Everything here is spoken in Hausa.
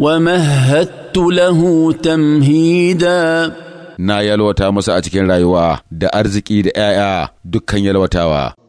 ومهدت له تمهيدا na yalwata masa a cikin rayuwa da arziki da ‘ya'ya dukkan yalwatawa.